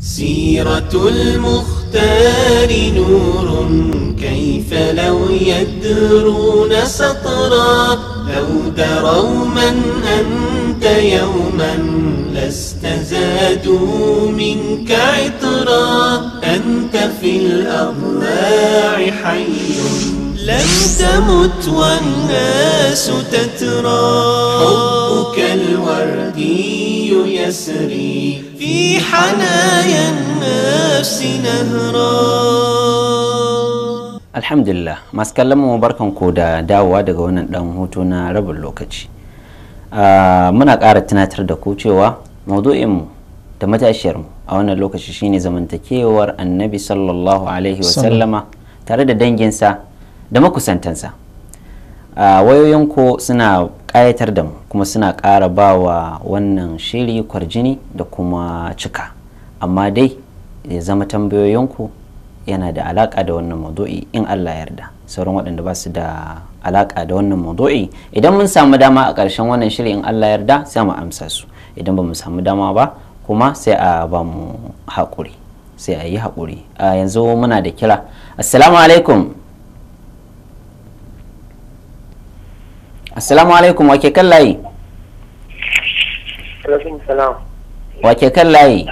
سيرة المختار نور كيف لو يدرون سطرا لو دروا من أنت يوما لست زادوا منك عطرا أنت في الأضلاع حي لم تمت والناس تترى حبك الوردي يسري في حنايا النفس نهرا masu kallon mu barkan ko da dawowa daga wannan dan hutu na lokaci ah, muna ƙara tunatar da ku cewa maudu'inmu da matashiyarmu a wannan lokaci shine zamantakewar annabi sallallahu alaihi wasallama tare da danginsa da makusantansa wayoyinku suna ƙayatar da mu kuma suna ƙara ba wa wannan shiri kwarjini da kuma cika amma dai ya zama tambayoyinku yana da alaƙa da wannan maudu'i in Allah yarda sauran waɗanda ba su da alaƙa da wannan maudu'i idan mun samu dama a ƙarshen wannan shiri in Allah yarda sai mu amsa su idan ba mu samu dama ba kuma sai a ba mu haƙuri sai a yi haƙuri a yanzu muna da kira assalamu alaikum assalamu alaikum wake kan layi wake kan layi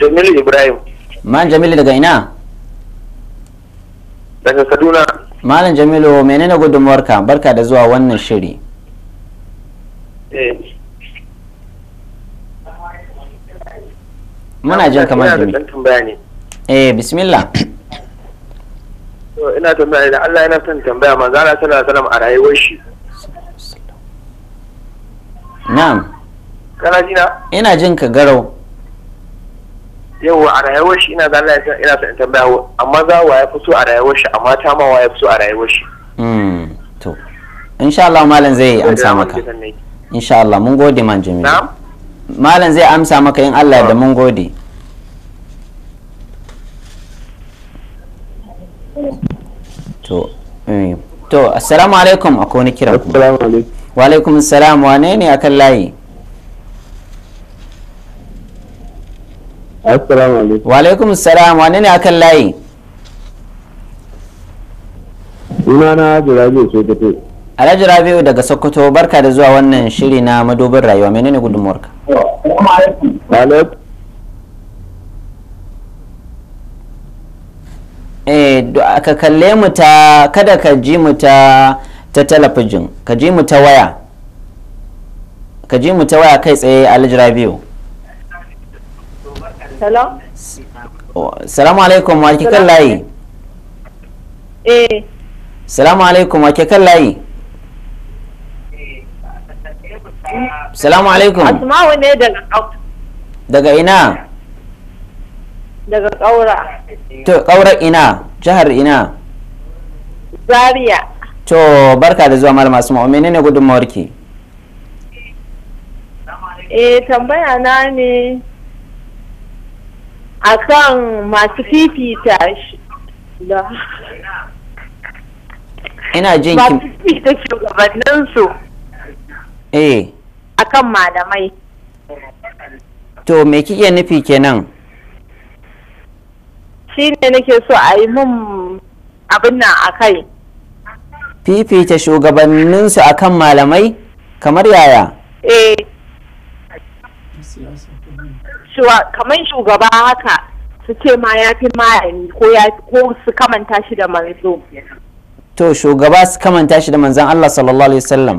jamilu ibrahim man jamilu daga ina daga kaduna malam jamilu menene gudunmuwarka barka da zuwa wannan shiri eh. muna jin kamar jamilu eh bismillah ina tambaya idan Allah yana son tambaya manzo Allah sallallahu alaihi wasallam a rayuwar shi na'am kana jina ina jin ka garau yawa a rayuwar shi ina zan ina son tambaya amma za wa ya fito a rayuwar shi amma ta ma wa ya fito a rayuwar shi mm to insha Allah malam zai amsa maka insha Allah mun gode man jami'a malam zai amsa maka in Allah ya da mun gode to eh, to assalamu alaikum akwai wani kira ku alaikum wa alaikum salam wa ne akan layi assalamu alaikum wa alaikum salam wa ne akan layi Ina na Rabi'u Sokoto. Alhaji Rabi'u daga Sokoto barka da zuwa wannan shiri na madobin rayuwa menene gudunmuwarka? Wa alaikum. Eh, ka kalle mu ta kada ka ji mu ta ta talabijin ka ji mu ta waya ka ji mu ta waya kai tsaye aljira biyu eh. salamu alaikum wa ke kan layi salamu alaikum wa ke kan layi salamu alaikum daga ina daga ƙaura to ƙaura ina jihar ina zaria to barka da zuwa malama su ma'amini ne ne gudunmawarki. eh tambaya na ne akan masu fifita da ina jin ki masu fifita shugabanninsu eh. a kan malamai to me kike nufi kenan shi ne nake so a yi mun abin nan a kai fifita shugabanninsu a kan malamai kamar yaya eh kamar shugaba haka su ce ma ya fi malami ko su kamanta shi da manzo to shugaba su kamanta shi da manzan Allah sallallahu alaihi wasallam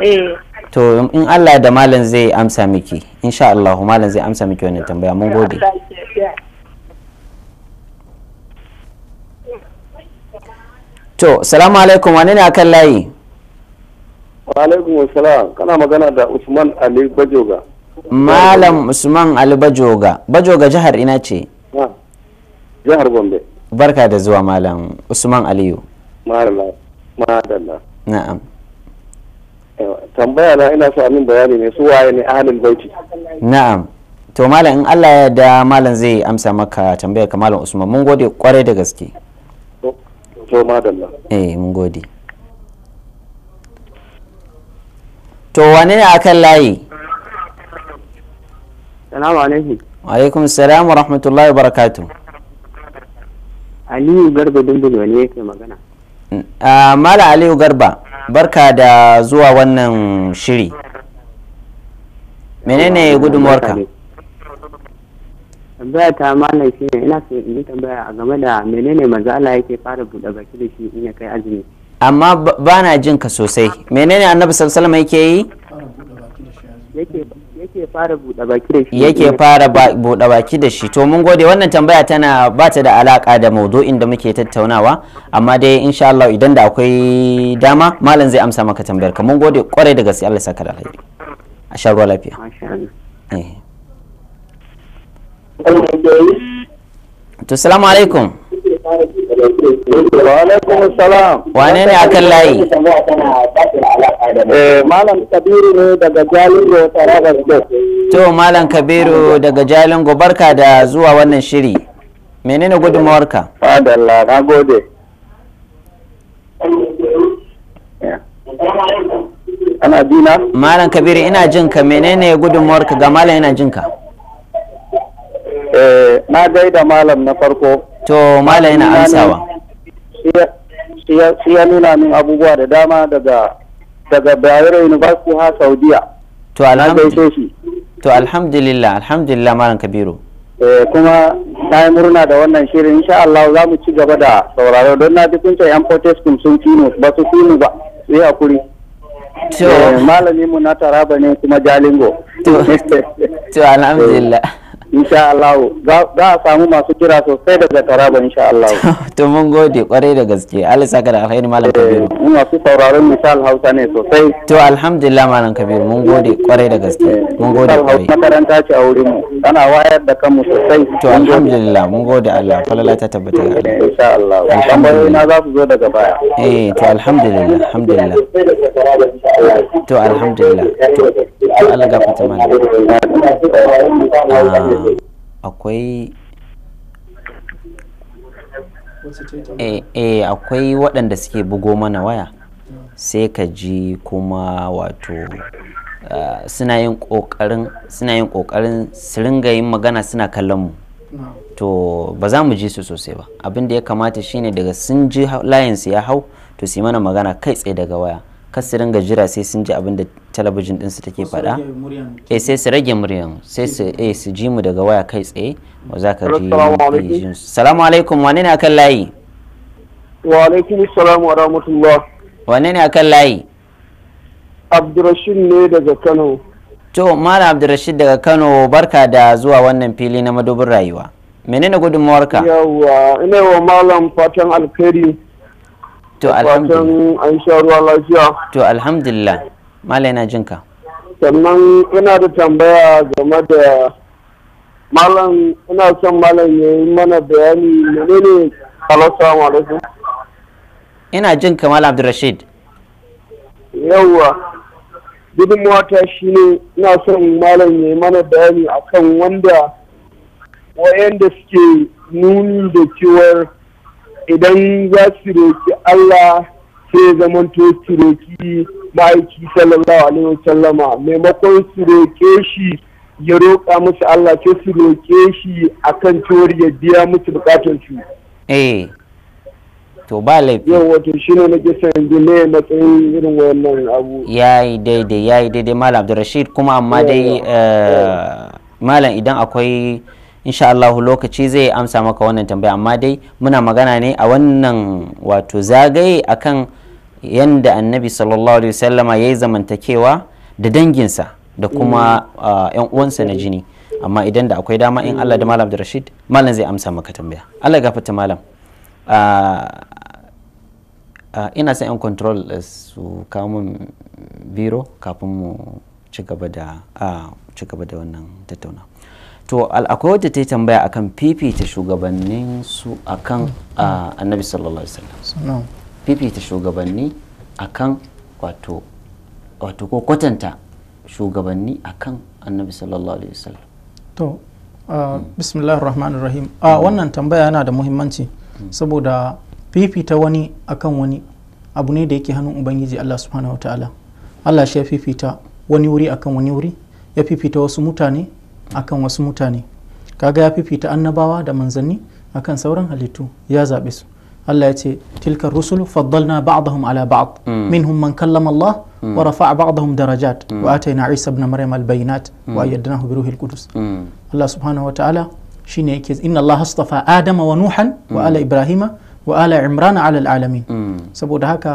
eh. to in Allah da malam zai amsa miki insha Allah malam zai amsa miki wannan tambaya mun gode to salamu alaikum wani ne akan layi wa alaikum salam kana magana da usman ali bajoga malam usman ali bajoga bajoga jihar ina ce jihar gombe barka da zuwa malam usman aliyu madalla na'am eh, tambaya na ina so amin bayani ne su waye ne ahalin baiti na'am to malam in Allah ya da malam zai amsa maka tambaya ka malam usman mun gode kwarai da gaske to madalla eh mun gode to wane ne akan layi salamu alaikum alaikum salam wa rahmatullahi wa barakatu. aliyu garba dumbul wani yake magana mm, a mala aliyu garba barka da zuwa wannan shiri menene gudunmuwarka tambaya ta malam shi ne ina so in yi tambaya a game da menene mazala yake fara buɗe baki da shi in ya kai azumi amma ba na jin ka sosai menene annabi sallallahu yake yi yake fara buɗe baki da shi yake fara buɗe baki da shi to mun gode wannan tambaya tana ba ta da alaka da maudu'in da muke tattaunawa amma dai insha Allah idan da akwai dama malam zai amsa maka tambayar ka mun gode kwarai da gaske Allah saka da alheri a shan ruwa lafiya eh. to salamu alaikum wa alaikum salam wane ne akan layi eh, malam kabiru ne daga jalingo tarabar to malam kabiru daga jalingo barka da zuwa wannan shiri menene gudunmawarka fadalla na gode ana dina malam kabiru ina jinka menene gudunmawarka ga malam ina jinka Eh, na gaida malam na farko to malam yana amsawa shi ya nuna min abubuwa da dama daga daga Bayero University ha Saudiya to alhamdulillah to alhamdulillah alhamdulillah malam Kabiru eh, kuma na yi murna da wannan shirin insha Allah za mu ci gaba da sauraro don na ji kunta ce yan protestin sun kino ba su kino ba sai hakuri to eh, malami mu na taraba ne kuma jalingo to alhamdulillah insha Allah za a samu masu kira sosai daga Taraba insha Allah to mun gode kwarai da gaske Allah saka da alheri malam eh, Kabiru mun masu sauraron misal Hausa ne sosai to alhamdulillah malam Kabiru mun gode kwarai da gaske eh, mun gode kwarai makaranta ce a wurin mu ana wayar da kanmu sosai to alhamdulillah mun gode Allah falala ta tabbata ga Allah eh, insha Allah alhamdulillah za su zo daga baya eh to alhamdulillah alhamdulillah to alhamdulillah to Allah gafarta mana ah. akwai eh, eh akwai waɗanda suke bugo mana waya sai ka ji kuma wato eh, suna yin ƙoƙarin suna su ringa yin magana suna kallon mu to ba za mu ji su sosai ba abin da ya kamata shine daga sun ji layinsu ya hau to su yi mana magana kai tsaye daga waya kar su ringa jira sai sun ji abin da talabijin ɗinsu take faɗa eh sai su rage muryan sai su eh su ji mu daga waya kai tsaye ba za ka ji salamu alaikum wane ne akan layi wa alaikum salam wa rahmatullah wane ne akan layi abdurrashid ne daga kano to malam abdurrashid daga kano barka da zuwa wannan fili na madubin rayuwa menene gudunmawarka yawwa ina wa malam fatan alkhairi to alhamdulillah an sha ruwa lafiya to alhamdulillah malai na jinka sannan ina da tambaya game da malam ina son malam ya yi mana bayani menene assalamu alaikum ina jin kamal abdurrashid yawwa gudun ta shi ne ina son malam ya yi mana bayani akan wanda da suke nuni da cewar idan za su roki Allah sai to su roki ma'aiki sallallahu alaihi wasallama maimakon su roke shi ya roƙa musu Allah sai su roƙe shi akan tori ya biya musu bukatun su. Eh. To ba laifi. Yau wato shi ne nake son ne matsayin irin wannan abu. Yayi daidai yayi daidai Malam Abdulrashid kuma amma dai eh, Malam idan akwai insha Allah lokaci zai amsa maka wannan tambaya amma dai muna magana ne a wannan wato zagaye akan yanda annabi sallallahu alaihi wasallama ya yi zamantakewa da danginsa da kuma mm. ah, yan uwansa na jini amma idan da akwai dama in Allah da malam da Rashid malam zai amsa maka tambaya Allah gafarta malam ah, ah, ina son yan control eh, su kawo min biro kafin mu ci gaba da wannan tattaunawa to akwai wadda ta yi tambaya akan fifita shugabannin su akan annabi sallallahu alaihi wasallam fifita shugabanni akan wato wato ko kwatanta shugabanni akan annabi sallallahu alaihi wasallam to hmm. bismillahir rahmanir rahim a hmm. wannan tambaya yana da muhimmanci hmm. saboda fifita wani akan wani abu ne da yake hannun ubangiji Allah subhanahu wa ta'ala Allah shi ya fifita wani wuri akan wani wuri ya fifita wasu mutane akan wasu mutane kaga ya fifita annabawa da manzanni akan sauran halittu ya zaɓe su Allah ya ce tilkar rusul faddalna ba'dahum ala ba'd mm. minhum man kallama Allah mm. wa rafa'a ba'dahum darajat mm. wa atayna Isa ibn Maryam al-bayinat wa ayyadnahu bi ruhil qudus Allah subhanahu wa ta'ala shine yake inna Allah astafa Adama wa Nuhan wa ala Ibrahima wa ala Imrana ala alamin saboda haka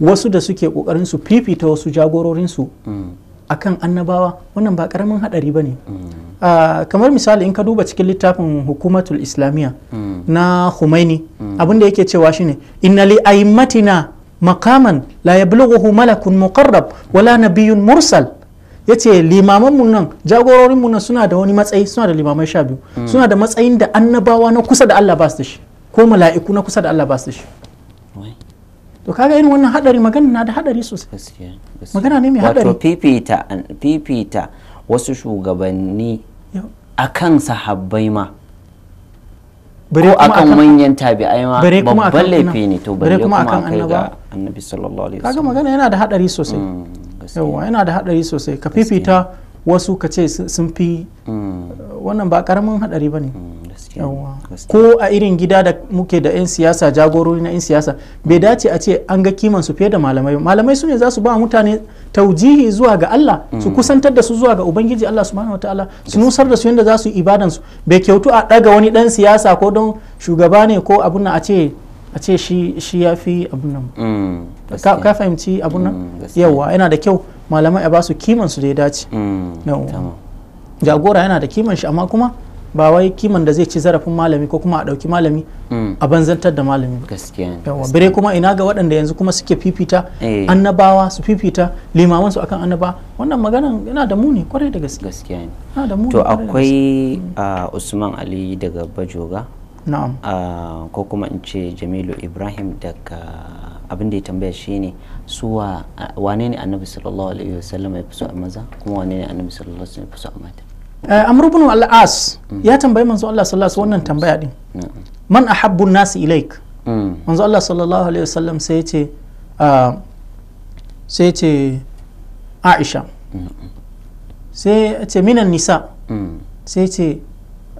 wasu da suke kokarin su fifita wasu jagororin su akan annabawa wannan ba karamin hadari ba ne ah, kamar misali in ka duba cikin littafin hukumatul islamiyya na humaini abin da yake cewa shine inna li makaman la yablughuhu malakun muqarrab wala nabiyyun mursal yace limaman mun nan jagororin mun suna da wani matsayi suna da limamai sha biyu suna da matsayin da annabawa na kusa da Allah ba su shi ko mala'iku na kusa da Allah ba su shi to kaga irin wannan hadari magana na da hadari sosai magana ne mai hadari wato fifita fifita wasu shugabanni akan sahabbai ma bare kuma akan manyan tabi'ai ma babban laifi ne to bare kuma akan annaba annabi sallallahu alaihi wasallam kaga magana yana da hadari sosai mm, yawa yana da hadari sosai ka fifita wasu ka ce sun fi mm. wannan ba karamin hadari ba ne mm, ko a irin gida da muke da 'yan siyasa jagorori na 'yan siyasa bai dace a ce an ga kiman su fiye da malamai malamai su ne za su ba mutane taujihi zuwa ga Allah su mm. kusantar da su zuwa ga ubangiji Allah subhanahu wataala su nusar da su yadda za su yi ibadan su bai kyautu a daga wani dan siyasa ko don shugaba ne ko abun a ce a ce shi ya fi abun nan mm, ka fahimci abun nan mm, yawa yana da kyau malamai a ba su kiman su da ya dace mm, jagora yana da kiman shi amma kuma ba wai kiman da zai ci zarafin malami ko kuma a ɗauki malami a banzantar da malami yawa bire kuma ina ga waɗanda yanzu kuma suke fifita eh. annabawa su fifita limaman su akan annaba wannan magana yana da muni kwarai da gaske to akwai ah, usman ali daga bajoga Ah, ko kuma in ce jamilu ibrahim daga abin da ya tambaya shine suwa wane ne annabi sallallahu alaihi wasallam ya fi so a maza kuma wane ne annabi sallallahu alaihi wasallam ya fi so a mata eh, amr al'as mm. ya tambayi manzo Allah sallallahu alaihi wannan tambaya din mm. man ahabbu nasi ilaik mm. manzo Allah sallallahu alaihi wasallam sai ce ah, sai ce Aisha sai ce minan nisa sai ce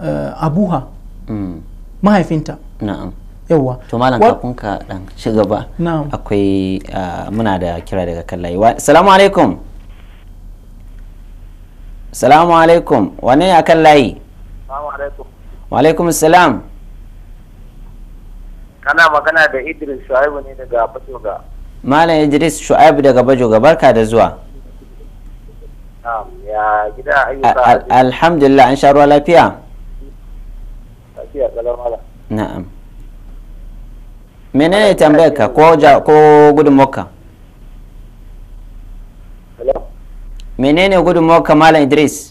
eh, abuha mahaifinta na'am yawwa to malam kafin ka dan ci gaba akwai ah, muna da kira daga kallaye assalamu alaikum assalamu alaikum wane ya kallaye assalamu alaikum wa alaikum assalam kana magana da Idris Shu'aibu ne daga Bajoga malam Idris Shu'aibu daga Bajoga barka da zuwa ya gida ayyuka alhamdulillah an sha ruwa lafiya lafiya kalamala na'am menene tambayar ka ko ja ko gudun mokka menene gudun mokka malam idris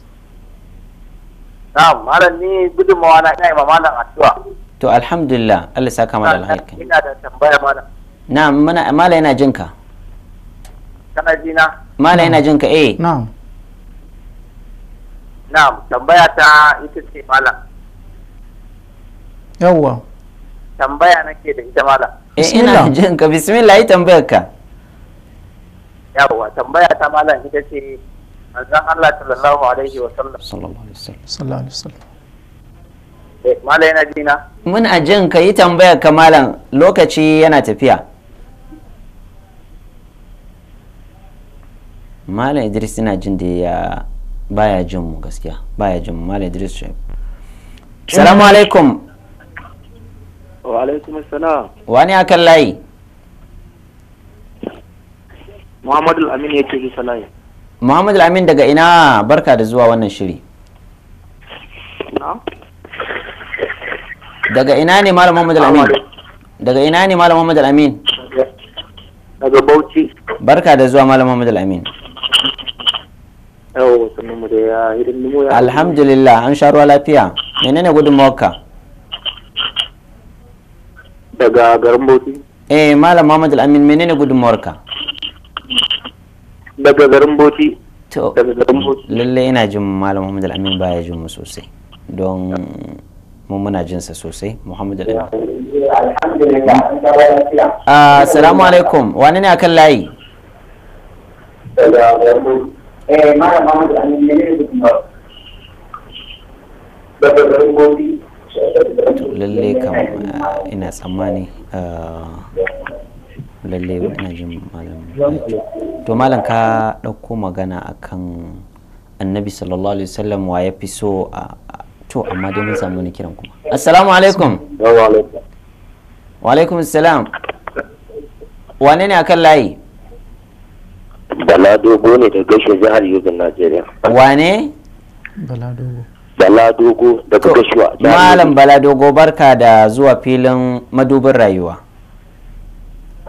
na'am malam ni gudun mawa na ina ma malam addu'a to alhamdulillah Allah saka mana alhaikin ina da tambaya malam na'am mana malam yana jinka. kana ji na malam yana jinka eh na'am na'am tambaya ta ita ce malam yawwa tambaya nake da ita mala eh ina jin ka bismillah yi tambayar ka yawwa tambaya ta mala ita ce manzon Allah sallallahu alaihi wa sallam sallallahu alaihi wa sallam eh mala yana jina muna jin ka yi tambayar ka malam lokaci yana tafiya Malam Idris ina jin da ya baya jin mu gaskiya baya jin mu Malam Idris eh. Salamu alaikum wa alaikum assalam wani akan layi muhammadu amin ce bisa layi muhammadu amin daga ina barka da zuwa wannan shiri daga ina ne malam muhammadu amin daga ina ne malam muhammadu amin daga bauchi barka da zuwa malam muhammadu amin alhamdulillah an sha ruwa lafiya menene gudunmawarka daga garin Bauchi. Eh Malam Muhammad Al-Amin menene gudunmawarka? Daga garin Bauchi. To lalle ina jin Malam Muhammad al baya jin mu sosai don mu muna jin sa sosai Muhammad Al-Amin. Ah, assalamu alaikum wani ne akan layi? Daga garin eh, ne ne Daga garin Bauchi. lalle kam eh, ina tsammani eh, lalle ina jin malam to malam ka ɗauko magana akan annabi sallallahu alaihi wasallam wa ya fi so a to amma dai mun samu wani kiran kuma assalamu alaikum wa alaikum assalam wane ne akan layi bala dogo ne da gashe jihar yobin najeriya wane bala dogo Bala Dogo daga Gashuwa. Malam Bala Dogo barka da zuwa filin madubin rayuwa.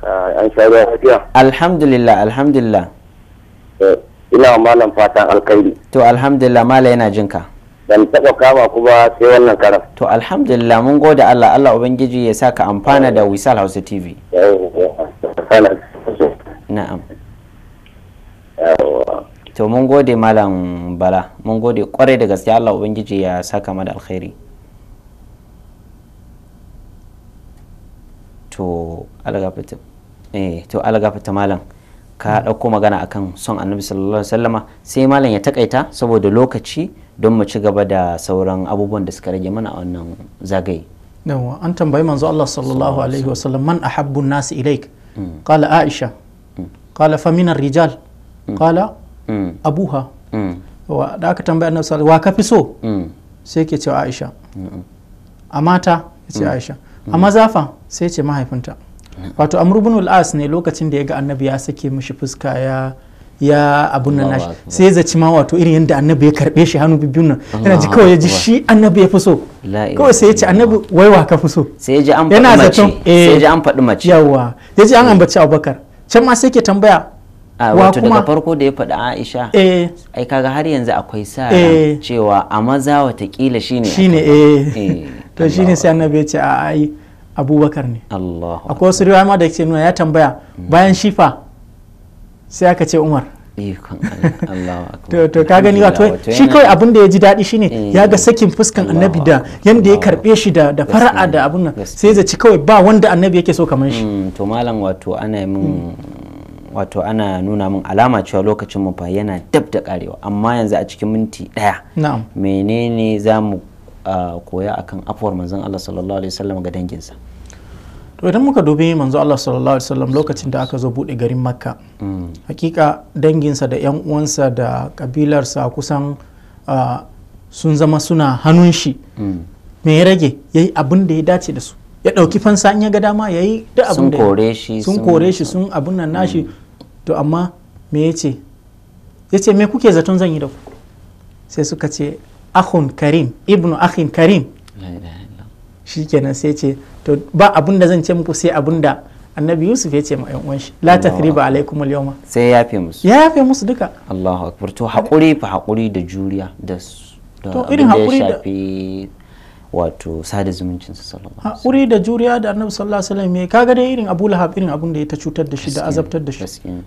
Ah, an sabar hajiya Alhamdulillah, alhamdulillah. Eh, ina malam fatan alkhairi. To alhamdulillah malam yana jinka. Ban taɓa kama ku ba sai wannan karam. To alhamdulillah mun gode Allah Allah Ubangiji ya sa ka amfana eh. da Wisal Hausa TV. Na'am. to mun gode malam bala mun gode kwarai da gaske Allah ubangiji ya saka mana alkhairi to algafita eh to malam ka ɗauko magana akan son annabi sallallahu alaihi wasallama sai malam ya takaita saboda lokaci don mu ci gaba da sauran abubuwan da suka rage mana a wannan zagaye yawa an tambayi manzo Allah sallallahu alaihi wasallam man ahabbu nasi ilaik mm. qala aisha mm. qala famina rijal mm. qala Mm. abuha mm. da aka tambaya na sallallahu wa ka fi so mm. sai ke cewa aisha a mata ya ce aisha a mazafa sai ce mahaifinta wato amr ibn al-as ne lokacin da ya ga annabi ya sake mishi fuska ya ya abun nan nashi sai zaci ma wato irin yadda annabi ya karbe shi hannu bibiyun nan yana ji kawai ya ji shi annabi ya fi so kawai sai ya ce annabi wai wa ka fi so an faɗi mace sai ya ji an faɗi mace eh, yawa ya ji an ambaci abubakar can ma sai ke tambaya wato daga farko da ya faɗi aisha eh. ai kaga har yanzu akwai sa eh. cewa a maza watakila shine shine eh. eh to shine sai annabi ya ce a ai abubakar ne akwai wasu riwaya ma da ke nuna ya tambaya hmm. bayan shifa sai aka ce umar to ka gani wato shi kawai abin da ya ji daɗi shine ya ga sakin fuskan annabi da yadda ya karɓe shi da fara'a da abin nan sai ya ci kawai ba wanda annabi yake so kamar shi hmm, to malam wato ana min hmm. wato ana nuna min alama cewa lokacin mu fa yana dab da karewa amma yanzu a cikin minti daya menene za mu ah, koya akan afuwar manzon Allah sallallahu alaihi wasallam ga danginsa to idan muka dubi manzon Allah sallallahu alaihi wasallam lokacin da aka zo bude garin makka mm. hakika danginsa da yan uwansa da kabilarsa kusan ah, sun zama suna hannun shi mm. me ya rage yayi abin da ya dace da su ya ɗauki fansa in ya ga dama ya yi da abin da sun kore shi sun abin nan nashi mm. to amma me ya ce ya ce me kuke zaton zan yi da ku sai suka ce ahun karim ibnu ahin karim shi kenan sai ce to ba abun da zan ce muku sai abun da annabi yusuf ya ce ma uwan shi la tathriba alaikum al sai ya yafe musu ya yafe musu duka allahu akbar to hakuri fa hakuri da juriya da to irin hakuri da wato sada zumuncin su uri da juriya da annabi sallallahu alaihi wasallam ka kaga dai irin Abu Lahab irin abun da ya ta cutar da shi da azabtar da shi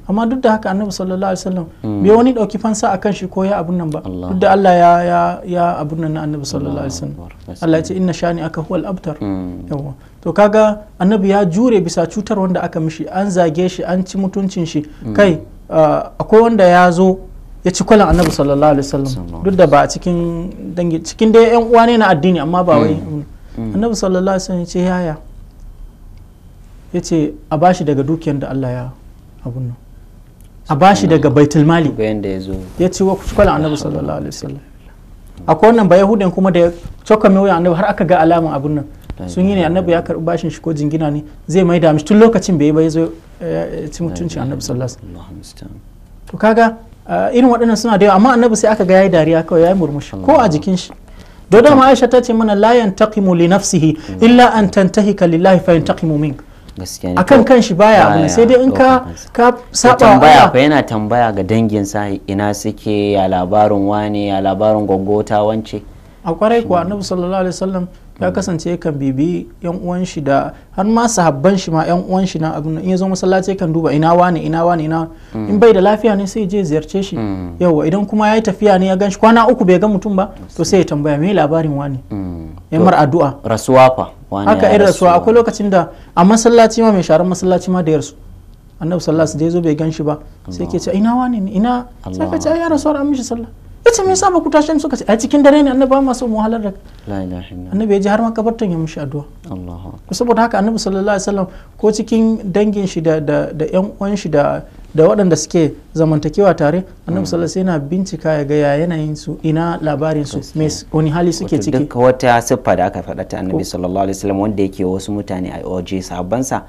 amma duk da haka annabi sallallahu alaihi wasallam mm. bai wani dauki fansa akan shi ko ya abun nan ba duk da Allah ya ya ya abun nan na annabi sallallahu alaihi wasallam Allah ya ce inna shani aka huwal abtar mm. yawa to kaga annabi ya jure bisa cutar wanda aka mishi an zage shi an ci mutuncin shi mm. kai akwai wanda ya zo ya ci kwalin annabi sallallahu alaihi wasallam duk da ba a cikin dangi cikin dai yan uwa ne na addini amma ba wai mm. Mm. annabi sallallahu alaihi wasallam ya ce yaya ya ce a bashi daga dukiyar da Allah ya abun nan a bashi daga baitul mali ya ce wa ci kwalin annabi sallallahu alaihi wasallam akwai wannan ba yahudan kuma da cokan mai annabi har aka ga alaman abun nan sun yi ne annabi ya karbi bashin shi ko jingina ne zai mai da tun lokacin bai bai zo ci mutuncin annabi sallallahu alaihi wasallam to kaga Eh, irin waɗannan suna da yawa amma annabi sai aka ga yayi dariya kawai yayi murmushi ko a jikin shi da dama Aisha ta ce mana la yantaqimu li nafsihi illa an tantahika lillahi fa yantaqimu mink a kan kanshi shi baya abu sai dai in ka ka saba tambaya fa yana tambaya ga dangin sa ina suke ya labarin wane ya labarin gwaggota wance a kwarai kuwa annabi sallallahu alaihi wasallam ya hmm. kasance kan bibi yan uwan shi da har ma sahabban shi ma yan uwan shi na abin in ya zo masallaci kan duba ina wani ina wani ina hmm. in bai da lafiya ne sai je ziyarce shi hmm. yawa idan kuma yayi tafiya ne ya gan shi kwana uku bai ga mutum ba to sai ya tambaya me labarin wani ya mar addu'a rasuwa fa haka irin rasuwa akwai lokacin da a masallaci ma mai sharan masallaci ma da yarsu annabi sallallahu alaihi wasallam bai gan shi ba sai ke ce ina wani ina sai ka ce ya rasuwa an mishi sallah ce me yasa ba tashi suka ce a cikin dare ne annabi masu ma da annabi ya ji har makabartan ya mushi addu'a ku saboda haka annabi sallallahu alaihi wasallam ko cikin dangin shi da da yan uwan shi da da waɗanda suke zamantakewa tare annabi mm. sallallahu alaihi yana bincika ya ga ya yanayin su ina labarin su me wani hali suke ciki duk wata siffa da aka faɗa ta annabi sallallahu alaihi wasallam wanda yake wasu mutane a oje sahabban sa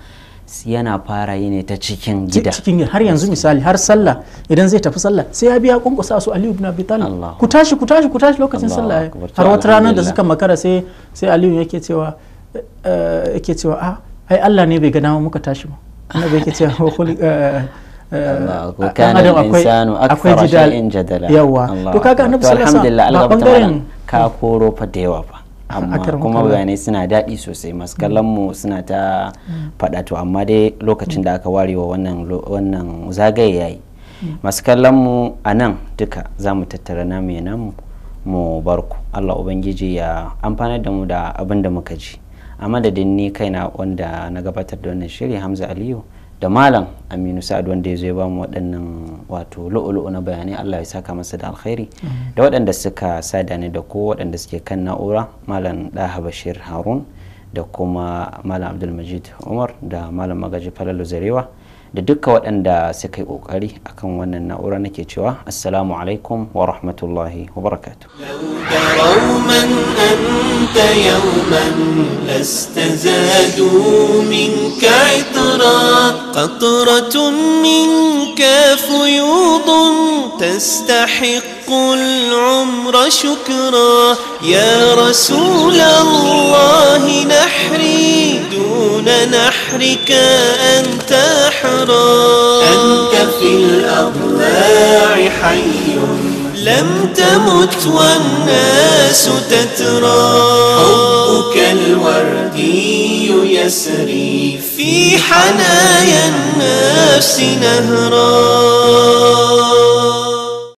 yana fara yi ne ta cikin gida cikin har yanzu misali har sallah idan zai tafi sallah sai ya biya kunkusa su Aliyu ibn Abi Talib ku tashi ku tashi ku tashi lokacin sallah har wata ranar da suka makara sai sai Aliyu yake cewa eh, yake cewa a ah, ai Allah ne bai ga dama muka tashi ba annabi yake cewa eh, eh, adam akwai jidal yawa to kaga annabi sallallahu alaihi wasallam ba bangaren ka koro fa da yawa ba amma kuma bayanai suna daɗi sosai masu kallon mu suna ta mm. faɗa to amma dai lokacin da aka warewa wannan zagaye yi mm. masu kallon mu a nan duka za mu tattara na ya nan mu barku allah ubangiji ya amfanar da mu da abin da muka ji a madadin ni kaina wanda na gabatar da wannan shiri hamza aliyu da malam aminu sa'ad wanda ya zo ya ba mu waɗannan wato lo'o-lo'o na bayanai allah ya saka masa da alkhairi da waɗanda suka sada ni da ko waɗanda suke kan na'ura malam ɗaha bashir harun da kuma malam abdulmajid umar da malam magaji falalu zarewa da duka waɗanda suka yi ƙoƙari akan wannan na'ura nake cewa assalamu alaikum wa rahmatullahi wa barakatuh يوما لست زادوا منك عطرا قطرة منك فيوض تستحق العمر شكرا يا رسول الله نحري دون نحرك أنت أحرى أنت في الأضلاع حي لم تمت والناس تترى حبك الوردي يسري في حنايا النفس نهرا